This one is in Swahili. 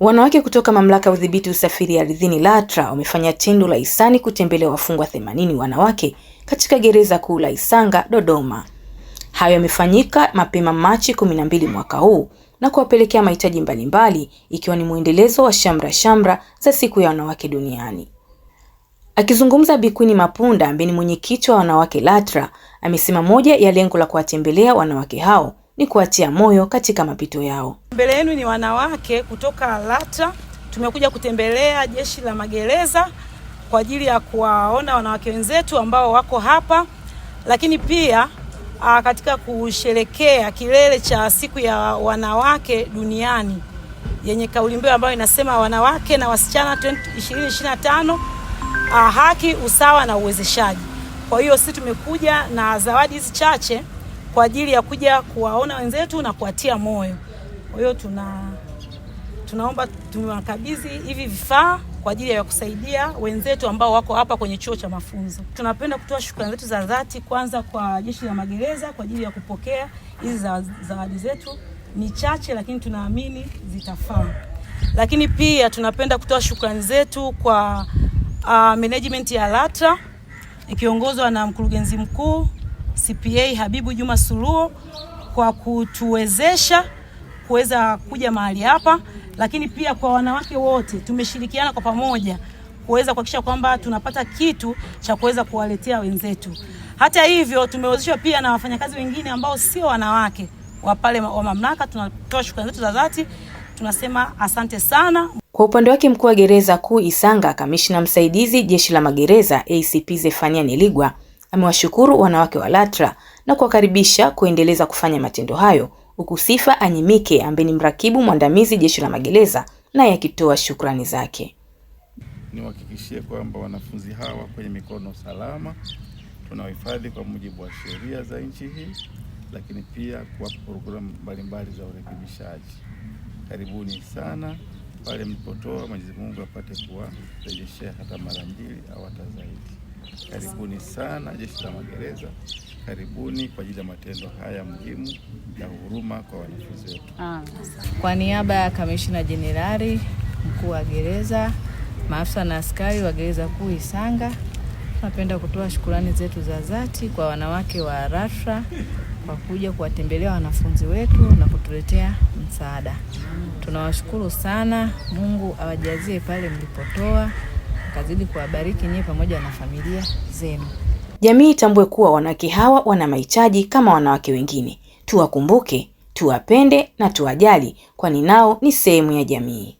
Wanawake kutoka mamlaka ya udhibiti usafiri ardhini LATRA wamefanya tendo la hisani kutembelea wafungwa 80 wanawake katika gereza kuu la Isanga Dodoma. Hayo yamefanyika mapema Machi 12 mwaka huu na kuwapelekea mahitaji mbalimbali ikiwa ni mwendelezo wa shamra shamra za siku ya wanawake duniani. Akizungumza Bikwini Mapunda ambaye ni mwenyekiti wa wanawake LATRA amesema moja ya lengo la kuwatembelea wanawake hao ni kuwatia moyo katika mapito yao. Mbele yenu ni wanawake kutoka LATRA, tumekuja kutembelea jeshi la magereza kwa ajili ya kuwaona wanawake wenzetu ambao wako hapa, lakini pia a, ah, katika kusherekea kilele cha siku ya wanawake duniani yenye kauli mbiu ambayo inasema wanawake na wasichana 2025 ah, haki, usawa na uwezeshaji. Kwa hiyo sisi tumekuja na zawadi hizi chache kwa ajili ya kuja kuwaona wenzetu na kuwatia moyo. Kwa hiyo tuna tunaomba tumewakabidhi hivi vifaa kwa ajili ya kusaidia wenzetu ambao wako hapa kwenye chuo cha mafunzo. Tunapenda kutoa shukrani zetu za dhati kwanza kwa Jeshi la Magereza kwa ajili ya kupokea hizi zawadi zetu. Ni chache lakini tunaamini zitafaa. Lakini pia tunapenda kutoa shukrani zetu kwa uh, management ya LATRA ikiongozwa na mkurugenzi mkuu CPA Habibu Juma Suluo kwa kutuwezesha kuweza kuja mahali hapa, lakini pia kwa wanawake wote tumeshirikiana kwa pamoja kuweza kuhakikisha kwamba tunapata kitu cha kuweza kuwaletea wenzetu. Hata hivyo, tumewezeshwa pia na wafanyakazi wengine ambao sio wanawake wa pale wa mamlaka. Tunatoa shukrani zetu za dhati, tunasema asante sana. Kwa upande wake mkuu wa gereza kuu Isanga, kamishna msaidizi jeshi la magereza ACP Zefania Niligwa amewashukuru wanawake wa LATRA na kuwakaribisha kuendeleza kufanya matendo hayo, huku Sifa Anyimike ambaye ni mrakibu mwandamizi Jeshi la Magereza naye akitoa shukrani zake. Niwahakikishie kwamba wanafunzi hawa kwenye mikono salama tunawahifadhi kwa mujibu wa sheria za nchi hii, lakini pia kwa programu mbalimbali za urekebishaji. Karibuni sana pale mlipotoa. Mwenyezi Mungu apate kuwarejeshea hata mara mbili au hata zaidi. Karibuni sana jeshi la magereza, karibuni kwa ajili ya matendo haya muhimu ya huruma kwa wanafunzi wetu. Ah. Kwa niaba ya kamishina jenerali mkuu wa gereza, maafisa na askari wa gereza kuu Isanga, tunapenda kutoa shukurani zetu za dhati kwa wanawake wa Rafra kwa kuja kuwatembelea wanafunzi wetu na kutuletea msaada. Tunawashukuru sana. Mungu awajazie pale mlipotoa kazidi kuwabariki nyie pamoja na familia zenu. Jamii itambue kuwa wanawake hawa wana mahitaji kama wanawake wengine. Tuwakumbuke, tuwapende na tuwajali, kwani nao ni sehemu ya jamii.